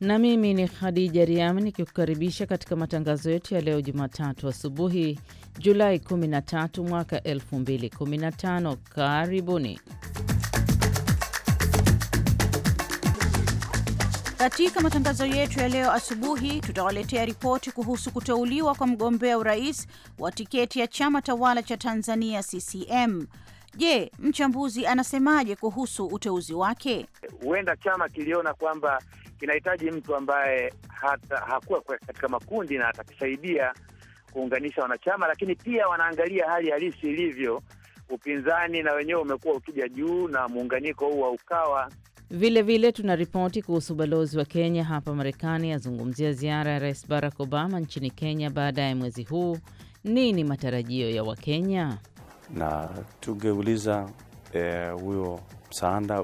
na mimi ni Khadija Riami nikikukaribisha katika matangazo yetu ya leo Jumatatu asubuhi Julai 13 mwaka 2015. Karibuni katika matangazo yetu ya leo asubuhi. Tutawaletea ripoti kuhusu kuteuliwa kwa mgombea urais wa tiketi ya chama tawala cha Tanzania CCM. Je, mchambuzi anasemaje kuhusu uteuzi wake? Huenda chama kiliona kwamba kinahitaji mtu ambaye hata hakuwa katika makundi na atakusaidia kuunganisha wanachama, lakini pia wanaangalia hali halisi ilivyo. Upinzani na wenyewe umekuwa ukija juu na muunganiko huu wa Ukawa. Vile vile tuna ripoti kuhusu balozi wa Kenya hapa Marekani azungumzia ziara ya Rais Barack Obama nchini Kenya baadaye mwezi huu. Nini matarajio ya Wakenya? na tungeuliza eh, huyo eh, msaada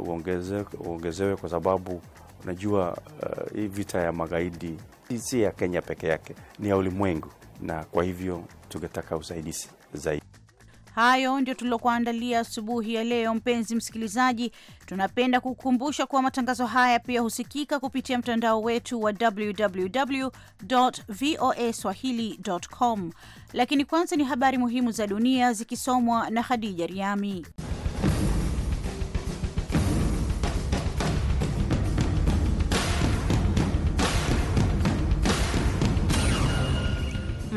uongezewe kwa sababu Unajua uh, hii vita ya magaidi si ya Kenya peke yake, ni ya ulimwengu, na kwa hivyo tungetaka usaidizi zaidi. Hayo ndio tuliokuandalia asubuhi ya leo. Mpenzi msikilizaji, tunapenda kukumbusha kuwa matangazo haya pia husikika kupitia mtandao wetu wa www voa swahili.com. Lakini kwanza ni habari muhimu za dunia zikisomwa na Khadija Riami.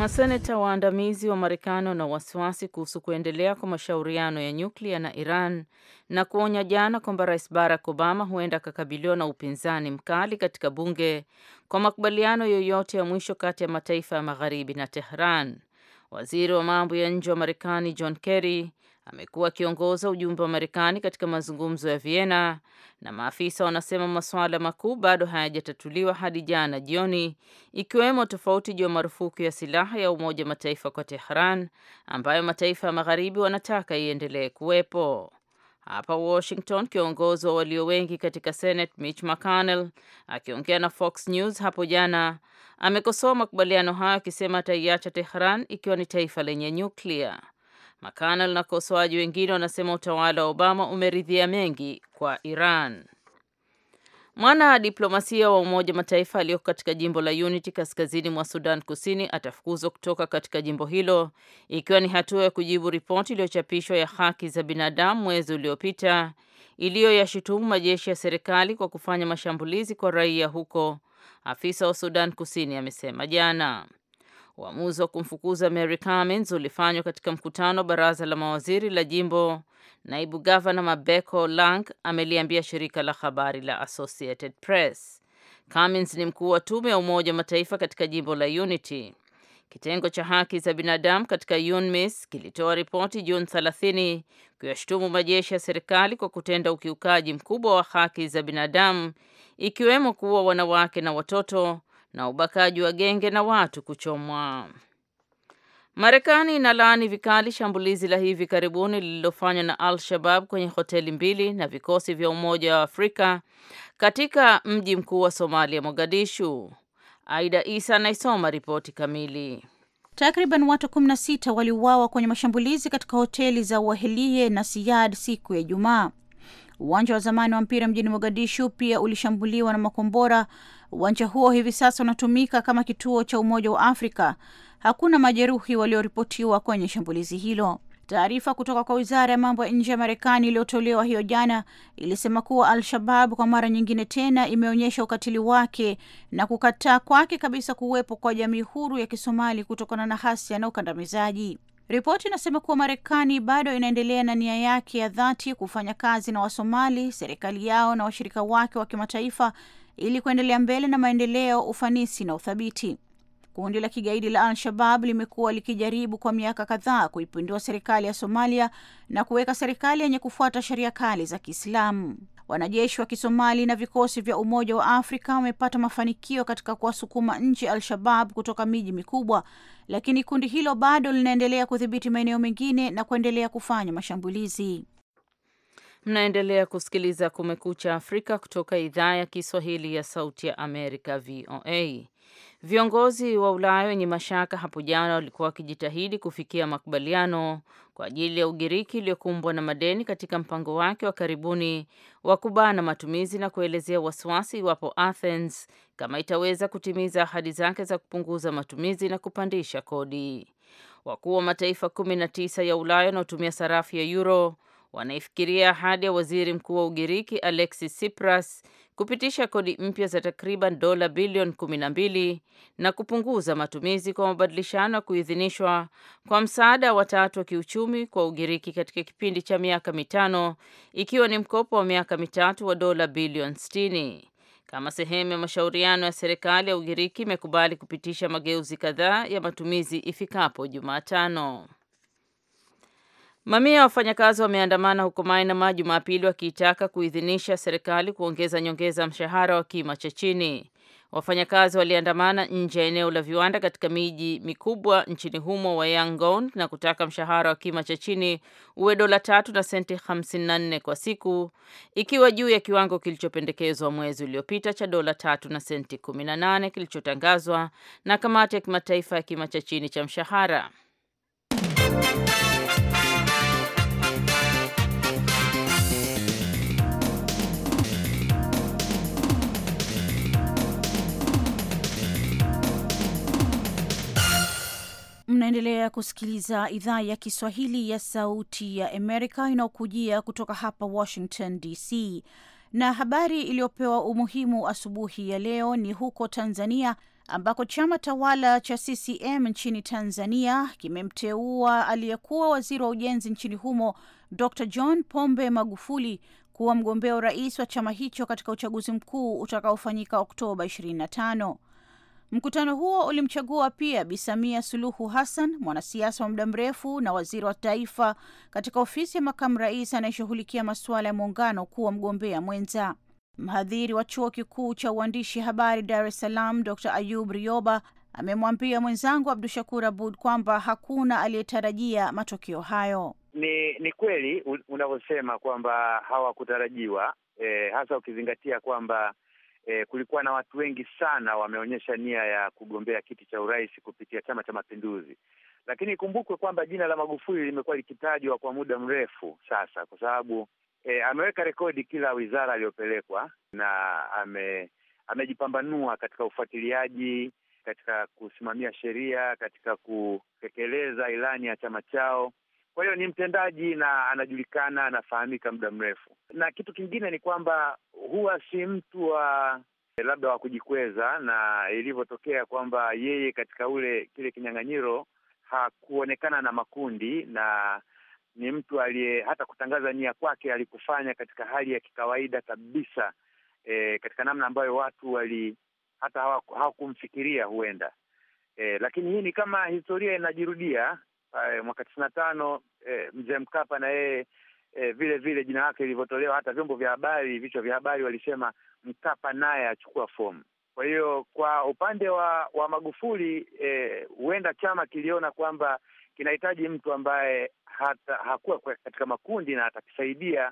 Maseneta waandamizi wa Marekani wana wasiwasi kuhusu kuendelea kwa mashauriano ya nyuklia na Iran na kuonya jana kwamba Rais Barack Obama huenda akakabiliwa na upinzani mkali katika bunge kwa makubaliano yoyote ya mwisho kati ya mataifa ya Magharibi na Tehran. Waziri wa mambo ya nje wa Marekani John Kerry amekuwa akiongoza ujumbe wa Marekani katika mazungumzo ya Vienna, na maafisa wanasema masuala makuu bado hayajatatuliwa hadi jana jioni, ikiwemo tofauti juu ya marufuku ya silaha ya Umoja wa Mataifa kwa Tehran ambayo mataifa ya magharibi wanataka iendelee kuwepo. Hapa Washington, kiongozi wa walio wengi katika Senate Mitch McConnell akiongea na Fox News hapo jana amekosoa makubaliano hayo akisema ataiacha Tehran ikiwa ni taifa lenye nyuklia makanal na wakosoaji wengine wanasema utawala wa Obama umeridhia mengi kwa Iran. Mwana diplomasia wa Umoja Mataifa aliyoko katika jimbo la Unity kaskazini mwa Sudan Kusini atafukuzwa kutoka katika jimbo hilo ikiwa ni hatua ya kujibu ripoti iliyochapishwa ya haki za binadamu mwezi uliopita iliyoyashutumu majeshi ya serikali kwa kufanya mashambulizi kwa raia huko, afisa wa Sudan Kusini amesema jana. Uamuzi wa kumfukuza Mary Cummins ulifanywa katika mkutano wa baraza la mawaziri la jimbo. Naibu gavana Mabeko Lang ameliambia shirika la habari la Associated Press. Cummins ni mkuu wa tume ya Umoja wa Mataifa katika jimbo la Unity. Kitengo cha haki za binadamu katika UNMISS kilitoa ripoti Juni 30 kuyashutumu majeshi ya serikali kwa kutenda ukiukaji mkubwa wa haki za binadamu ikiwemo kuua wanawake na watoto na ubakaji wa genge na watu kuchomwa. Marekani inalaani vikali shambulizi la hivi karibuni lililofanywa na Al-Shabab kwenye hoteli mbili na vikosi vya Umoja wa Afrika katika mji mkuu wa Somalia, Mogadishu. Aida Isa anaisoma ripoti kamili. Takriban watu 16 waliuawa kwenye mashambulizi katika hoteli za Wahelie na Siyad siku ya Ijumaa. Uwanja wa zamani wa mpira mjini Mogadishu pia ulishambuliwa na makombora Uwanja huo hivi sasa unatumika kama kituo cha Umoja wa Afrika. Hakuna majeruhi walioripotiwa kwenye shambulizi hilo. Taarifa kutoka kwa wizara ya mambo ya nje ya Marekani iliyotolewa hiyo jana ilisema kuwa Al-Shabab kwa mara nyingine tena imeonyesha ukatili wake na kukataa kwake kabisa kuwepo kwa jamii huru ya Kisomali kutokana na hasia na ukandamizaji. Ripoti inasema kuwa Marekani bado inaendelea na nia yake ya dhati kufanya kazi na Wasomali, serikali yao na washirika wake wa kimataifa ili kuendelea mbele na maendeleo, ufanisi na uthabiti. Kundi la kigaidi la Al-Shabab limekuwa likijaribu kwa miaka kadhaa kuipindua serikali ya Somalia na kuweka serikali yenye kufuata sheria kali za Kiislamu. Wanajeshi wa Kisomali na vikosi vya Umoja wa Afrika wamepata mafanikio katika kuwasukuma nchi Al-Shabab kutoka miji mikubwa, lakini kundi hilo bado linaendelea kudhibiti maeneo mengine na kuendelea kufanya mashambulizi. Mnaendelea kusikiliza Kumekucha Afrika kutoka idhaa ya Kiswahili ya Sauti ya Amerika, VOA. Viongozi wa Ulaya wenye mashaka hapo jana walikuwa wakijitahidi kufikia makubaliano kwa ajili ya Ugiriki iliyokumbwa na madeni katika mpango wake wa karibuni wa kubana matumizi na kuelezea wasiwasi iwapo Athens kama itaweza kutimiza ahadi zake za kupunguza matumizi na kupandisha kodi. Wakuu wa mataifa 19 ya Ulaya wanaotumia sarafu ya euro wanaifikiria ahadi ya waziri mkuu wa Ugiriki Alexis Tsipras kupitisha kodi mpya za takriban dola bilioni kumi na kupunguza matumizi kwa mabadilishano ya kuidhinishwa kwa msaada wa wa kiuchumi kwa Ugiriki katika kipindi cha miaka mitano ikiwa ni mkopo wa miaka mitatu wa dola bilioni 60. Kama sehemu ya mashauriano ya serikali ya Ugiriki imekubali kupitisha mageuzi kadhaa ya matumizi ifikapo Jumatano. Mamia ya wafanyakazi wameandamana huko Myanmar Jumapili wakiitaka kuidhinisha serikali kuongeza nyongeza ya mshahara wa kima cha chini. Wafanyakazi waliandamana nje ya eneo la viwanda katika miji mikubwa nchini humo wa Yangon na kutaka mshahara wa kima cha chini uwe dola tatu na senti 54 kwa siku, ikiwa juu ya kiwango kilichopendekezwa mwezi uliopita cha dola tatu na senti 18 kilichotangazwa na kamati ya kimataifa ya kima cha chini cha mshahara. Mnaendelea kusikiliza idhaa ya Kiswahili ya Sauti ya Amerika inayokujia kutoka hapa Washington DC, na habari iliyopewa umuhimu asubuhi ya leo ni huko Tanzania ambako chama tawala cha CCM nchini Tanzania kimemteua aliyekuwa waziri wa ujenzi nchini humo Dr. John Pombe Magufuli kuwa mgombea urais wa chama hicho katika uchaguzi mkuu utakaofanyika Oktoba Mkutano huo ulimchagua pia Bi Samia Suluhu Hassan, mwanasiasa wa muda mrefu na waziri wa taifa katika ofisi ya makamu rais anayeshughulikia masuala ya muungano, kuwa mgombea mwenza. Mhadhiri wa chuo kikuu cha uandishi habari Dar es Salaam, Dr Ayub Rioba amemwambia mwenzangu Abdu Shakur Abud kwamba hakuna aliyetarajia matokeo hayo. Ni ni kweli unavyosema kwamba hawakutarajiwa, eh, hasa ukizingatia kwamba eh, kulikuwa na watu wengi sana wameonyesha nia ya kugombea kiti cha urais kupitia Chama cha Mapinduzi, lakini ikumbukwe kwamba jina la Magufuli limekuwa likitajwa kwa muda mrefu sasa, kwa sababu e, ameweka rekodi kila wizara aliyopelekwa na ame, amejipambanua katika ufuatiliaji, katika kusimamia sheria, katika kutekeleza ilani ya chama chao kwa hiyo ni mtendaji na anajulikana, anafahamika muda mrefu. Na kitu kingine ni kwamba huwa si mtu wa eh, labda wa kujikweza, na ilivyotokea kwamba yeye katika ule kile kinyang'anyiro hakuonekana na makundi na ni mtu aliye hata kutangaza nia kwake alikufanya katika hali ya kikawaida kabisa, e, katika namna ambayo watu wali hata hawakumfikiria huenda e, lakini hii ni kama historia inajirudia. Mwaka tisini na tano Eh, mzee Mkapa na yeye eh, vile vile jina lake lilivyotolewa, hata vyombo vya habari, vichwa vya habari walisema Mkapa naye achukua fomu. Kwa hiyo kwa upande wa, wa Magufuli eh, huenda eh, chama kiliona kwamba kinahitaji mtu ambaye hata hakuwa katika makundi na atakisaidia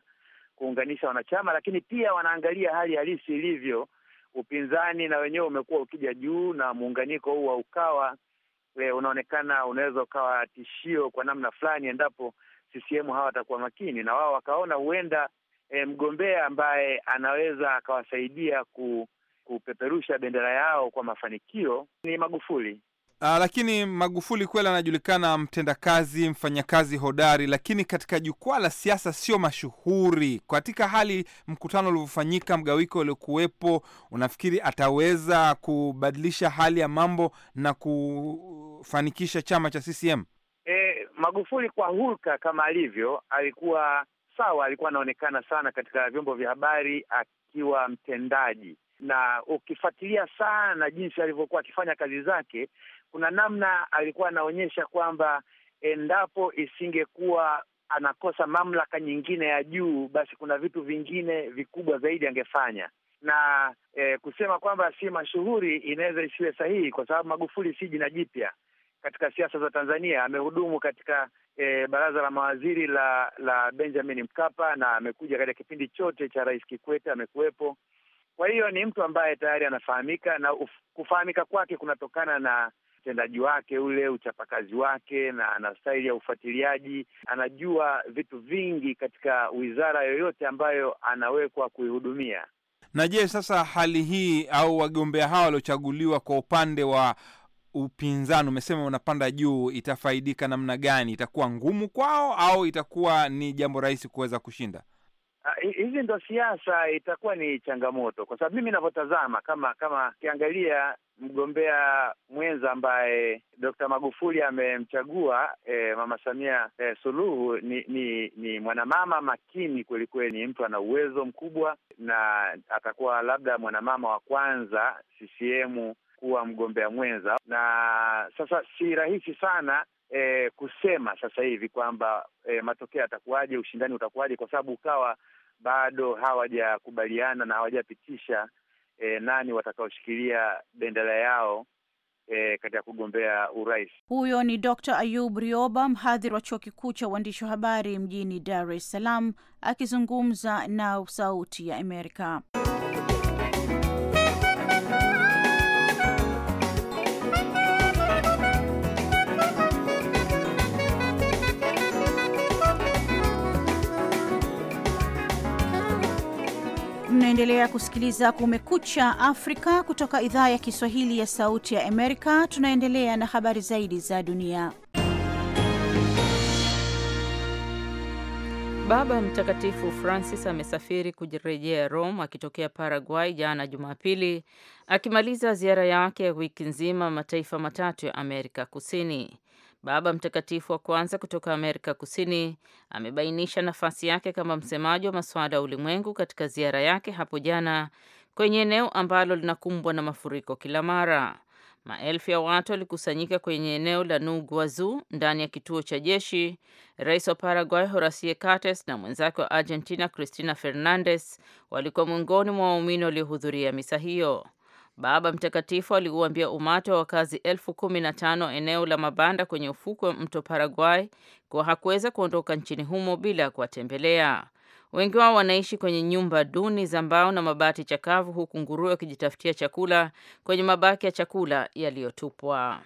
kuunganisha wanachama, lakini pia wanaangalia hali halisi ilivyo. Upinzani na wenyewe umekuwa ukija juu na muunganiko huu wa Ukawa e, unaonekana unaweza ukawa tishio kwa namna fulani endapo CCM watakuwa makini na wao wakaona huenda e, mgombea ambaye anaweza akawasaidia ku, kupeperusha bendera yao kwa mafanikio ni Magufuli. Aa, ah, lakini Magufuli kweli anajulikana mtendakazi, mfanyakazi hodari, lakini katika jukwaa la siasa sio mashuhuri. Katika hali mkutano ulivyofanyika, mgawiko uliokuwepo, unafikiri ataweza kubadilisha hali ya mambo na ku kufanikisha chama cha CCM? E, Magufuli kwa hulka kama alivyo, alikuwa sawa, alikuwa anaonekana sana katika vyombo vya habari akiwa mtendaji, na ukifuatilia sana jinsi alivyokuwa akifanya kazi zake, kuna namna alikuwa anaonyesha kwamba endapo isingekuwa anakosa mamlaka nyingine ya juu, basi kuna vitu vingine vikubwa zaidi angefanya na eh, kusema kwamba si mashuhuri inaweza isiwe sahihi, kwa sababu Magufuli si jina jipya, katika siasa za Tanzania. Amehudumu katika e, baraza la mawaziri la la Benjamin Mkapa na amekuja katika kipindi chote cha Rais Kikwete amekuwepo. Kwa hiyo ni mtu ambaye tayari anafahamika na uf, kufahamika kwake kunatokana na utendaji wake ule, uchapakazi wake, na ana staili ya ufuatiliaji. Anajua vitu vingi katika wizara yoyote ambayo anawekwa kuihudumia. Na je, sasa hali hii au wagombea hawa waliochaguliwa kwa upande wa upinzani umesema unapanda juu, itafaidika namna gani? Itakuwa ngumu kwao au itakuwa ni jambo rahisi kuweza kushinda? Ah, hizi ndo siasa, itakuwa ni changamoto, kwa sababu mimi navyotazama, kama kama ukiangalia mgombea mwenza ambaye Dkt. Magufuli amemchagua e, Mama Samia e, Suluhu ni, ni ni mwanamama makini kwelikweli, ni mtu ana uwezo mkubwa, na atakuwa labda mwanamama wa kwanza CCM kuwa mgombea mwenza, na sasa si rahisi sana e, kusema sasa hivi kwamba e, matokeo yatakuwaje, ushindani utakuwaje, kwa sababu ukawa bado hawajakubaliana na hawajapitisha e, nani watakaoshikilia bendera yao E, katika kugombea urais. Huyo ni Dr. Ayub Rioba, mhadhiri wa chuo kikuu cha uandishi wa habari mjini Dar es Salaam, akizungumza na Sauti ya Amerika. Unaendelea kusikiliza Kumekucha Afrika kutoka idhaa ya Kiswahili ya Sauti ya Amerika. Tunaendelea na habari zaidi za dunia. Baba Mtakatifu Francis amesafiri kurejea Rome akitokea Paraguay jana Jumapili, akimaliza ziara yake ya wiki nzima mataifa matatu ya Amerika Kusini. Baba Mtakatifu wa kwanza kutoka Amerika Kusini amebainisha nafasi yake kama msemaji wa masuala ya ulimwengu katika ziara yake hapo jana kwenye eneo ambalo linakumbwa na mafuriko kila mara. Maelfu ya watu walikusanyika kwenye eneo la Nuguazu ndani ya kituo cha jeshi. Rais wa Paraguay Horacio Cartes na mwenzake wa Argentina Cristina Fernandez walikuwa miongoni mwa waumini waliohudhuria misa hiyo. Baba Mtakatifu aliuambia umati wa wakazi elfu kumi na tano eneo la mabanda kwenye ufukwe wa mto Paraguay kuwa hakuweza kuondoka nchini humo bila kuwatembelea. Wengi wao wanaishi kwenye nyumba duni za mbao na mabati chakavu, huku nguruwe wakijitafutia chakula kwenye mabaki ya chakula yaliyotupwa.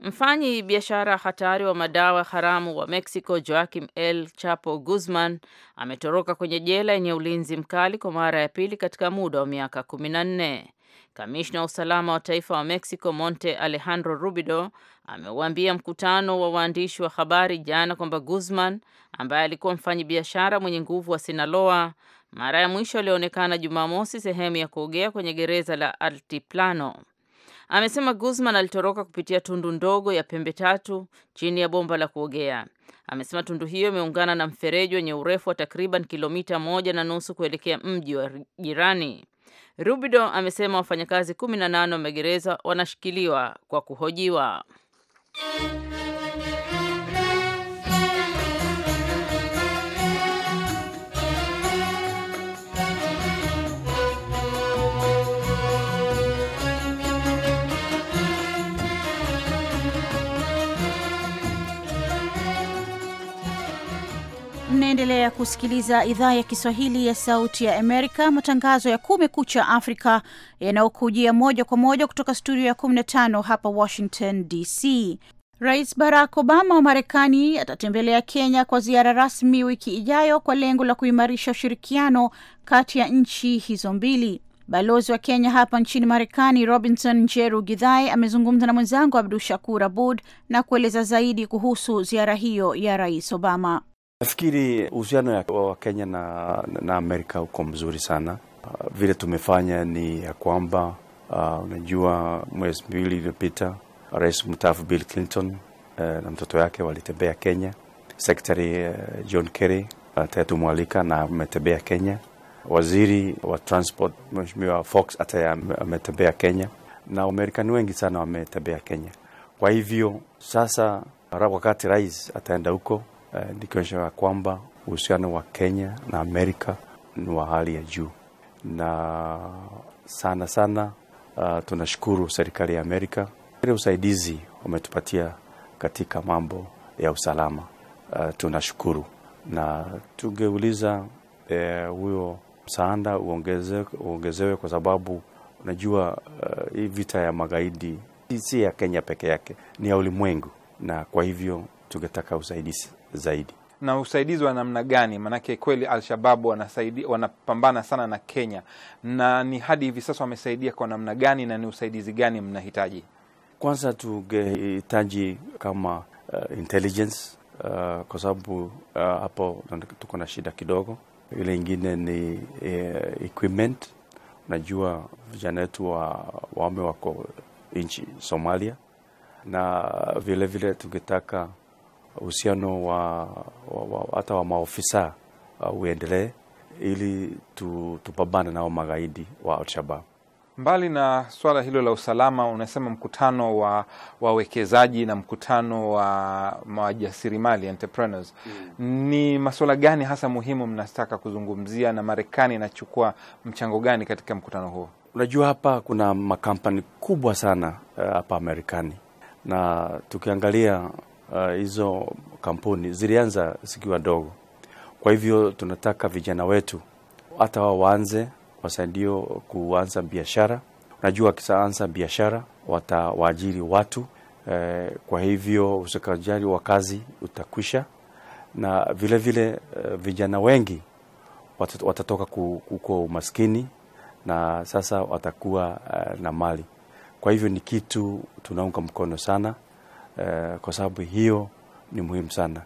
Mfanyi biashara hatari wa madawa haramu wa Mexico Joaquim El Chapo Guzman ametoroka kwenye jela yenye ulinzi mkali kwa mara ya pili katika muda wa miaka kumi na nne. Kamishna wa usalama wa taifa wa Mexico Monte Alejandro Rubido ameuambia mkutano wa waandishi wa habari jana kwamba Guzman ambaye alikuwa mfanyi biashara mwenye nguvu wa Sinaloa mara ya mwisho alionekana Jumamosi sehemu ya kuogea kwenye gereza la Altiplano. Amesema Guzman alitoroka kupitia tundu ndogo ya pembe tatu chini ya bomba la kuogea. Amesema tundu hiyo imeungana na mfereji wenye urefu wa takriban kilomita moja na nusu kuelekea mji wa jirani. Rubido amesema wafanyakazi 18 wa magereza wanashikiliwa kwa kuhojiwa. mnaendelea kusikiliza idhaa ya Kiswahili ya Sauti ya Amerika, matangazo ya Kumekucha Afrika yanayokujia moja kwa moja kutoka studio ya 15 hapa Washington DC. Rais Barack Obama wa Marekani atatembelea Kenya kwa ziara rasmi wiki ijayo kwa lengo la kuimarisha ushirikiano kati ya nchi hizo mbili. Balozi wa Kenya hapa nchini Marekani, Robinson Njeru Gidhai, amezungumza na mwenzangu Abdu Shakur Abud na kueleza zaidi kuhusu ziara hiyo ya Rais Obama. Nafikiri uhusiano wa Wakenya na, na Amerika uko mzuri sana. Ah, vile tumefanya ni ya kwamba uh, unajua mwezi mbili iliyopita Rais mstaafu Bill Clinton uh, na mtoto wake walitembea Kenya. Sekretari uh, John Kerry uh, na ametembea Kenya. Waziri wa transport Mheshimiwa Fox hata ametembea Kenya, na Wamarekani wengi sana wametembea Kenya. Kwa hivyo sasa, wakati rais ataenda huko eh, nikionyesha ya kwamba uhusiano wa Kenya na Amerika ni wa hali ya juu, na sana sana uh, tunashukuru serikali ya Amerika ile usaidizi wametupatia katika mambo ya usalama uh, tunashukuru, na tungeuliza eh, huyo uh, msaada uongeze, uongezewe kwa sababu unajua hii uh, vita ya magaidi si ya Kenya peke yake, ni ya ulimwengu, na kwa hivyo tungetaka usaidizi zaidi. Na usaidizi wa namna gani? Maanake kweli alshababu wanapambana sana na Kenya, na ni hadi hivi sasa wamesaidia kwa namna gani, na ni usaidizi gani mnahitaji? Kwanza tungehitaji kama uh, intelligence uh, kwa sababu uh, hapo uh, tuko na shida kidogo. Ile ingine ni uh, equipment. vijana wetu wa waume wako nchi Somalia, na vilevile tungetaka uhusiano wa hata wa, wa maofisa uh, uendelee ili tupambane nao magaidi wa al Mbali na swala hilo la usalama, unasema mkutano wa wawekezaji na mkutano wa wajasiriamali entrepreneurs, mm. ni masuala gani hasa muhimu mnataka kuzungumzia na Marekani inachukua mchango gani katika mkutano huo? Unajua, hapa kuna makampani kubwa sana uh, hapa Marekani, na tukiangalia Uh, hizo uh, kampuni zilianza zikiwa ndogo. Kwa hivyo tunataka vijana wetu hata wao waanze, wasaidio kuanza biashara. Unajua, wakianza biashara watawaajiri watu eh, kwa hivyo usikajaji wa kazi utakwisha, na vilevile vile, uh, vijana wengi watatoka kuko umaskini na sasa watakuwa uh, na mali. Kwa hivyo ni kitu tunaunga mkono sana. Eh, kwa sababu hiyo ni muhimu sana.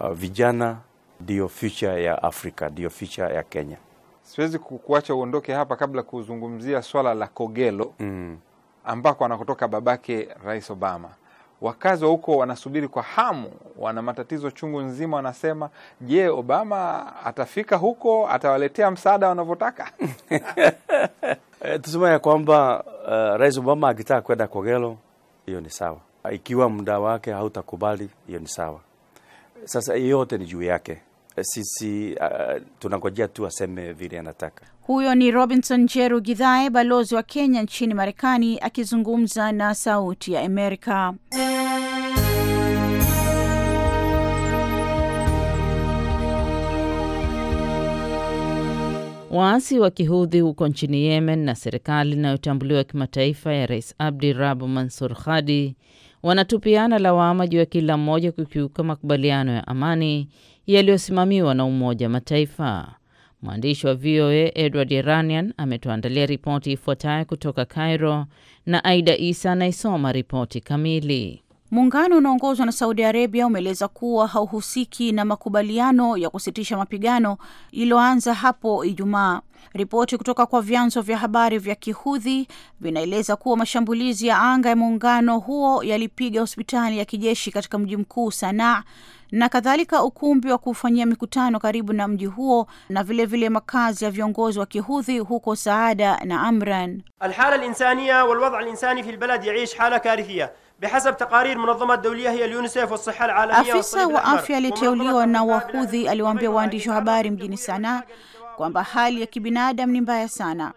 Uh, vijana ndiyo future ya Afrika, ndiyo future ya Kenya. Siwezi kuacha uondoke hapa kabla kuzungumzia swala la Kogelo mm, ambako anakotoka babake Rais Obama. Wakazi wa huko wanasubiri kwa hamu, wana matatizo chungu nzima. Wanasema, je, Obama atafika huko? Atawaletea msaada wanavyotaka? Eh, Tusema ya kwamba uh, Rais Obama akitaka kwenda Kogelo, hiyo ni sawa. Ikiwa muda wake hautakubali, hiyo ni sawa. Sasa yote ni juu yake. Eh, sisi uh, tunangojea tu aseme vile anataka. Huyo ni Robinson jeru gidhae balozi wa Kenya nchini Marekani, akizungumza na Sauti ya Amerika. Waasi wa kihudhi huko nchini Yemen na serikali inayotambuliwa kimataifa ya Rais Abdi Rabu Mansur Hadi wanatupiana lawama juu ya kila mmoja kukiuka makubaliano ya amani yaliyosimamiwa na Umoja Mataifa. Mwandishi wa VOA Edward Iranian ametuandalia ripoti ifuatayo kutoka Cairo na Aida Isa anaisoma ripoti kamili. Muungano unaongozwa na Saudi Arabia umeeleza kuwa hauhusiki na makubaliano ya kusitisha mapigano iliyoanza hapo Ijumaa. Ripoti kutoka kwa vyanzo vya habari vya Kihudhi vinaeleza kuwa mashambulizi ya anga ya muungano huo yalipiga hospitali ya kijeshi katika mji mkuu Sanaa na kadhalika ukumbi wa kufanyia mikutano karibu na mji huo na vilevile vile makazi ya viongozi wa Kihudhi huko Saada na Amran. alhala linsania walwadh linsani fi lbalad yaish hala karithia Afisa wa afya aliyeteuliwa na Wahudhi aliwaambia waandishi wa habari mjini Sanaa kwamba hali ya kibinadamu ni mbaya sana.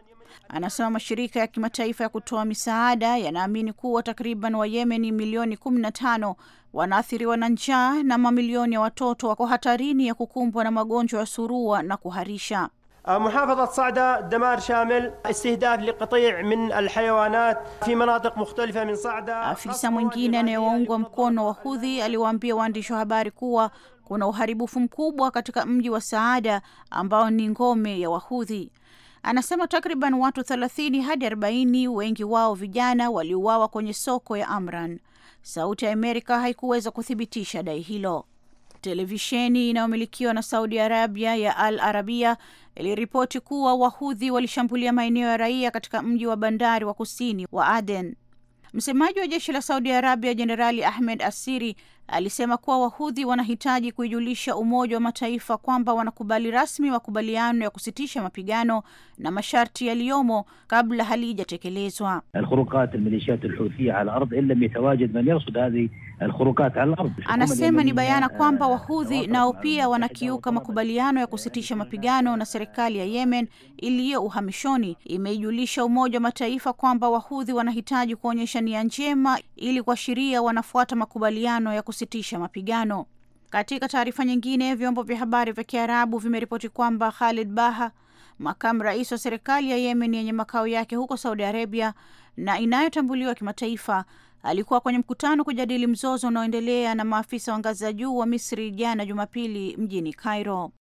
Anasema mashirika ya kimataifa ya kutoa misaada yanaamini kuwa takriban Wayemeni milioni 15 wanaathiriwa na njaa na mamilioni ya watoto wako hatarini ya kukumbwa na magonjwa ya surua na kuharisha. محافظة صعدة دمار شامل استهداف لقطيع من الحيوانات في مناطق مختلفة min صعدة Afisa mwingine anayewaungwa mkono wa Hudhi aliwaambia waandishi wa habari kuwa kuna uharibifu mkubwa katika mji wa Saada ambao ni ngome ya Wahudhi. Anasema takriban watu 30 hadi 40, wengi wao vijana, waliuawa kwenye soko ya Amran. Sauti ya Amerika haikuweza kuthibitisha dai hilo. Televisheni inayomilikiwa na Saudi Arabia ya Al Arabia iliripoti kuwa Wahudhi walishambulia maeneo ya raia katika mji wa bandari wa kusini wa Aden. Msemaji wa jeshi la Saudi Arabia Jenerali Ahmed Asiri alisema kuwa Wahudhi wanahitaji kuijulisha Umoja wa Mataifa kwamba wanakubali rasmi makubaliano ya kusitisha mapigano na masharti yaliyomo kabla halijatekelezwa. al man yarsud hadhihi Anasema ni bayana kwamba wahudhi nao pia wanakiuka makubaliano ya kusitisha mapigano, na serikali ya Yemen iliyo uhamishoni imeijulisha Umoja wa Mataifa kwamba wahudhi wanahitaji kuonyesha nia njema ili kuashiria wanafuata makubaliano ya kusitisha mapigano. Katika taarifa nyingine, vyombo vya habari vya Kiarabu vimeripoti kwamba Khalid Baha, makamu rais wa serikali ya Yemen yenye makao yake huko Saudi Arabia na inayotambuliwa kimataifa alikuwa kwenye mkutano kujadili mzozo unaoendelea na maafisa wa ngazi za juu wa Misri jana Jumapili mjini Cairo.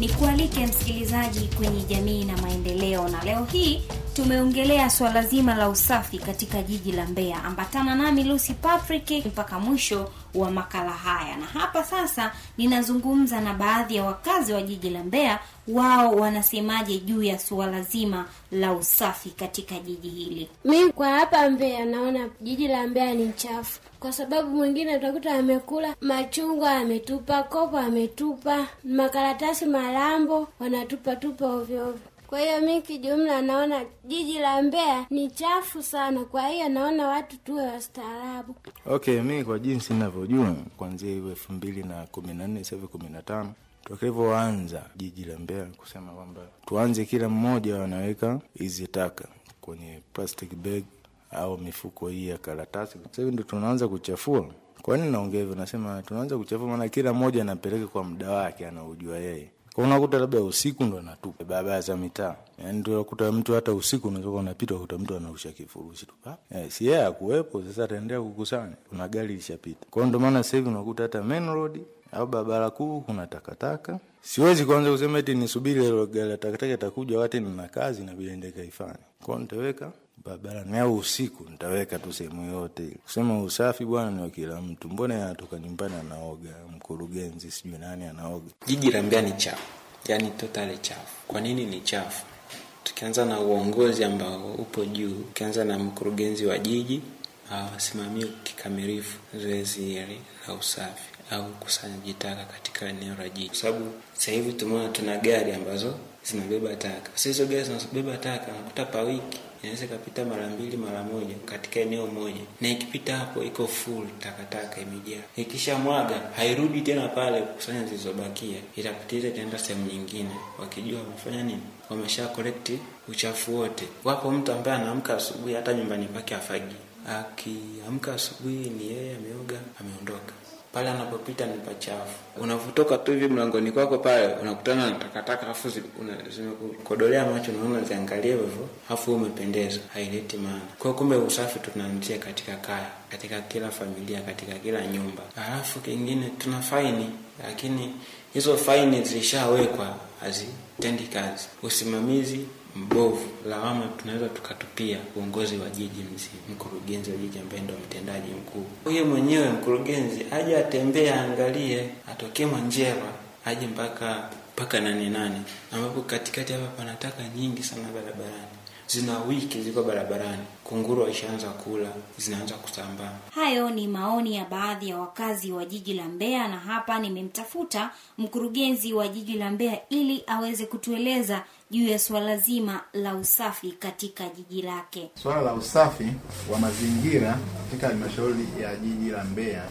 Nikualike msikilizaji kwenye jamii na maendeleo, na leo hii tumeongelea swala zima la usafi katika jiji la Mbeya. Ambatana nami Lucy Patrick mpaka mwisho wa makala haya, na hapa sasa ninazungumza na baadhi ya wakazi wa jiji la Mbeya, wao wanasemaje juu ya suala zima la usafi katika jiji hili. Mi kwa hapa Mbeya naona jiji la Mbeya ni chafu, kwa sababu mwingine utakuta amekula machungwa, ametupa kopo, ametupa makaratasi, malambo wanatupa tupa kwa hiyo mi kijumla, naona jiji la Mbeya ni chafu sana, kwa hiyo naona watu tuwe wastaarabu. Okay, mi kwa jinsi ninavyojua kuanzia hiyo elfu mbili na kumi na nne sasa hivi kumi na tano tukivyoanza jiji la Mbeya kusema kwamba tuanze, kila mmoja anaweka hizi taka kwenye plastic bag au mifuko hii ya karatasi. Sasa hivi ndo tunaanza kuchafua. Kwa nini naongea hivyo? Nasema tunaanza kuchafua maana kila mmoja anapeleka kwa muda wake, anaujua yeye unakuta labda usiku ndo anatupa barabara za mitaa, yani tunakuta mtu hata usiku unaweza unapita kuta mtu anausha kifurushi tu ah, eh, si yeye akuwepo, sasa ataendelea kukusanya, kuna gari lishapita. Kwa hiyo ndo maana sasa hivi unakuta hata main road au barabara kuu kuna takataka. Siwezi kwanza kusema eti nisubiri gari la takataka itakuja, wakati nina kazi na vile ndio kaifanya kwao, nitaweka barabarani au usiku, nitaweka tu sehemu yote. Kusema usafi bwana ni wa kila mtu. Mbona anatoka nyumbani anaoga, mkurugenzi sijui nani anaoga? Jiji la Mbeya ni chafu, yani totally chafu. Kwa nini ni chafu? Tukianza na uongozi ambao upo juu, ukianza na mkurugenzi wa jiji hawasimamii kikamilifu zoezi hili la usafi au kusanya jitaka katika eneo la jiji, kwa sababu sasa hivi tumeona tuna gari ambazo zinabeba taka. Sasa hizo gari zinazobeba taka nakuta pa wiki inaweza ikapita mara mbili mara moja katika eneo moja, na ikipita hapo iko full takataka imejaa. Ikisha mwaga hairudi tena pale kukusanya zilizobakia, itapitiza itaenda sehemu nyingine, wakijua wamefanya nini, wamesha collect uchafu wote. Wapo mtu ambaye anaamka asubuhi hata nyumbani kwake afagi, akiamka asubuhi ni yeye ameoga, ameondoka pale anapopita ni pachafu. Unavotoka tu hivi mlangoni kwako pale unakutana na takataka, afu zimekukodolea macho, unaona ziangalie hivyo, afu umependeza, haileti maana. Kwa kumbe usafi tunaanzia katika kaya, katika kila familia, katika kila nyumba. alafu kingine tuna faini, lakini hizo faini zilishawekwa hazitendi kazi. Usimamizi mbovu, lawama tunaweza tukatupia uongozi wa jiji mzima, mkurugenzi wa jiji ambaye ndo mtendaji mkuu. Huyo mwenyewe mkurugenzi aje atembee, aangalie, atokee mwanjera aje mpaka mpaka nani nani, ambapo katikati hapa panataka nyingi sana barabarani zina wiki ziko barabarani, kunguru waishaanza kula, zinaanza kusambaa. Hayo ni maoni ya baadhi ya wakazi wa jiji la Mbeya, na hapa nimemtafuta mkurugenzi wa jiji la Mbeya ili aweze kutueleza juu ya swala zima la usafi katika jiji lake. Swala la usafi wa mazingira katika halmashauri ya jiji la Mbeya,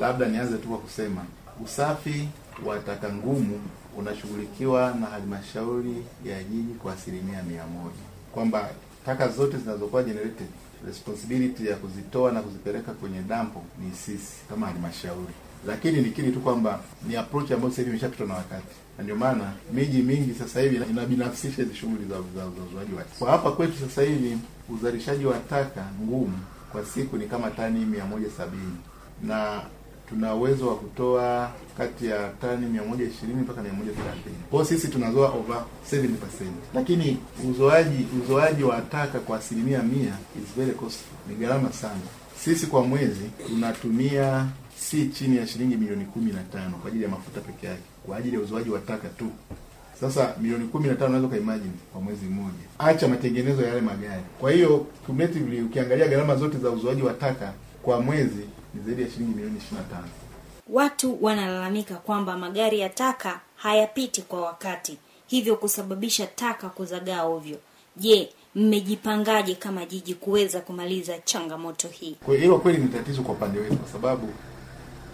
labda nianze tu kwa kusema usafi wa taka ngumu unashughulikiwa na halmashauri ya jiji kwa asilimia mia moja kwamba taka zote zinazokuwa generated responsibility ya kuzitoa na kuzipeleka kwenye dampo ni sisi kama halmashauri, lakini nikiri tu kwamba ni approach ambayo sasa hivi imeshapitwa na wakati, na ndio maana miji mingi sasa hivi inabinafsisha hizi shughuli za uzoaji wa kwa hapa kwetu. Sasa hivi uzalishaji wa taka ngumu kwa siku ni kama tani mia moja sabini na tuna uwezo wa kutoa kati ya tani 120 mpaka 130. Kwa sisi tunazoa over 70%. Lakini uzoaji uzoaji wa taka kwa asilimia mia is very costly. Ni gharama sana. Sisi kwa mwezi tunatumia si chini ya shilingi milioni 15 kwa ajili ya mafuta peke yake, kwa ajili ya uzoaji wa taka tu. Sasa milioni 15 unaweza ukaimagine kwa mwezi mmoja, acha matengenezo ya yale magari. Kwa hiyo cumulatively, ukiangalia gharama zote za uzoaji wa taka kwa mwezi ni zaidi ya shilingi milioni ishirina tano. Watu wanalalamika kwamba magari ya taka hayapiti kwa wakati, hivyo kusababisha taka kuzagaa ovyo. Je, mmejipangaje kama jiji kuweza kumaliza changamoto hii? Hilo kweli ni tatizo kwa upande wetu, kwa sababu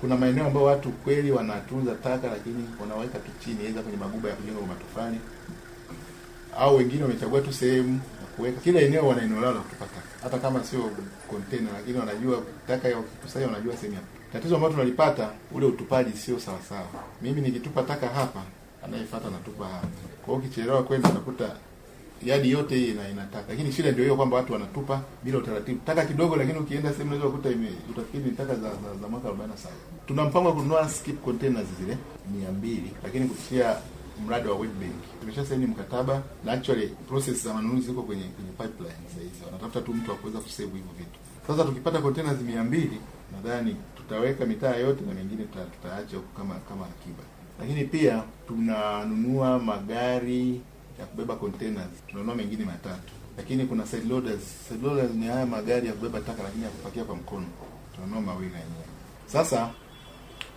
kuna maeneo ambayo watu kweli wanatunza taka, lakini wanaweka tu chini, aidha kwenye maguba ya kujenga kwa matofali, au wengine wamechagua tu sehemu kuweka kila eneo wana eneo lao la kutupa taka, hata kama sio container, lakini wanajua taka ya kukusanya, wanajua sehemu. Tatizo ambalo tunalipata ule utupaji sio sawa sawa. Mimi nikitupa taka hapa, anayefuata anatupa hapa, kwa hiyo kichelewa kwenda unakuta yadi yote hii ina ina taka, Lakini shida ndio hiyo kwamba watu wanatupa bila utaratibu. Taka kidogo lakini ukienda sehemu unaweza kukuta ime utafikiri ni taka za za, za mwaka 47. Tuna mpango wa kununua skip containers zile 200 lakini kufikia mradi wa World Bank. Tumesha saini mkataba na actually process za manunuzi ziko kwenye kwenye pipeline sasa hizo. Wanatafuta tu mtu wa kuweza kusave hivyo vitu. Sasa tukipata containers 200 nadhani tutaweka mitaa yote na mengine tutaacha huko kama kama akiba. Lakini pia tunanunua magari ya kubeba containers. Tunanunua mengine matatu. Lakini kuna side loaders. Side loaders ni haya magari ya kubeba taka lakini ya kupakia kwa mkono. Tunanunua mawili yenyewe. Sasa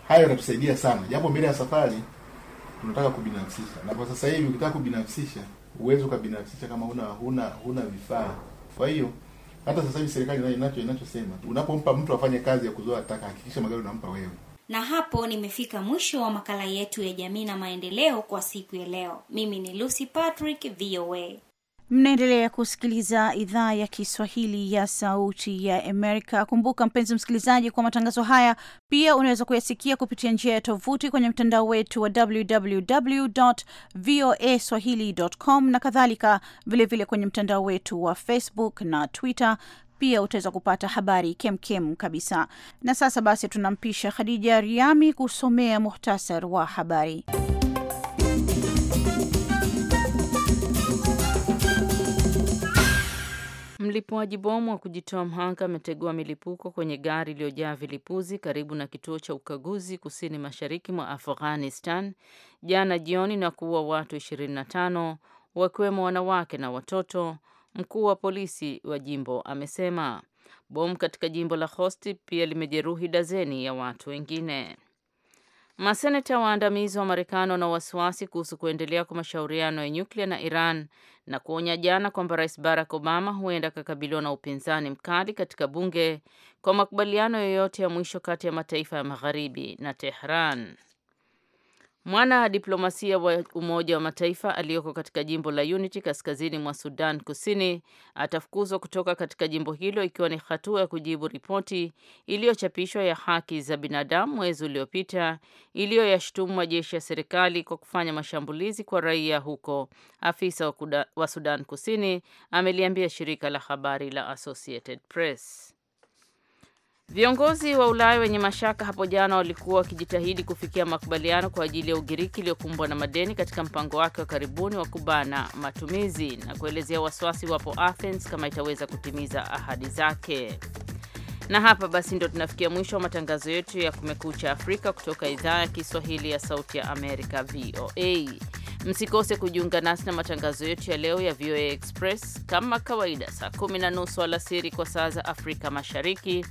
hayo yanatusaidia sana. Japo mbele ya safari tunataka kubinafsisha, na kwa sasa hivi ukitaka kubinafsisha uwezi ukabinafsisha kama huna huna huna vifaa. Kwa hiyo hata sasa hivi serikali nayo inacho inachosema, unapompa mtu afanye kazi ya kuzoa taka, hakikisha magari unampa wewe. Na hapo nimefika mwisho wa makala yetu ya jamii na maendeleo kwa siku ya leo. Mimi ni Lucy Patrick, VOA. Mnaendelea kusikiliza idhaa ya Kiswahili ya Sauti ya Amerika. Kumbuka mpenzi msikilizaji, kwa matangazo haya pia unaweza kuyasikia kupitia njia ya tovuti kwenye mtandao wetu wa www voa swahili.com na kadhalika, vilevile kwenye mtandao wetu wa Facebook na Twitter pia utaweza kupata habari kemkem kem kabisa. Na sasa basi tunampisha Khadija Riami kusomea muhtasar wa habari. Mlipuaji bomu wa kujitoa mhanga ametegua milipuko kwenye gari iliyojaa vilipuzi karibu na kituo cha ukaguzi kusini mashariki mwa Afghanistan jana jioni na kuua watu 25 wakiwemo wanawake na watoto. Mkuu wa polisi wa jimbo amesema bomu katika jimbo la Hosti pia limejeruhi dazeni ya watu wengine. Maseneta waandamizi wa Marekani wana wasiwasi kuhusu kuendelea kwa mashauriano ya nyuklia na Iran na kuonya jana kwamba Rais Barack Obama huenda akakabiliwa na upinzani mkali katika bunge kwa makubaliano yoyote ya mwisho kati ya mataifa ya Magharibi na Tehran. Mwana diplomasia wa Umoja wa Mataifa aliyoko katika jimbo la Unity kaskazini mwa Sudan Kusini atafukuzwa kutoka katika jimbo hilo ikiwa ni hatua ya kujibu ripoti iliyochapishwa ya haki za binadamu mwezi uliopita iliyoyashutumu majeshi ya serikali kwa kufanya mashambulizi kwa raia huko. Afisa wa Sudan Kusini ameliambia shirika la habari la Associated Press. Viongozi wa Ulaya wenye mashaka hapo jana walikuwa wakijitahidi kufikia makubaliano kwa ajili ya Ugiriki iliyokumbwa na madeni katika mpango wake wa karibuni wa kubana matumizi na kuelezea wasiwasi wapo Athens kama itaweza kutimiza ahadi zake. Na hapa basi ndo tunafikia mwisho wa matangazo yetu ya Kumekucha Afrika kutoka idhaa ya Kiswahili ya Sauti ya Amerika, VOA. Msikose kujiunga nasi na matangazo yetu ya leo ya VOA Express kama kawaida, saa kumi na nusu alasiri kwa saa za Afrika Mashariki.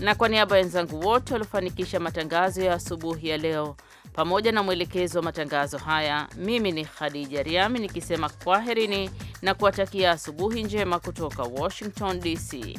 Na kwa niaba ya wenzangu wote waliofanikisha matangazo ya asubuhi ya leo pamoja na mwelekezo wa matangazo haya, mimi ni Khadija Riami nikisema kwaherini na kuwatakia asubuhi njema kutoka Washington DC.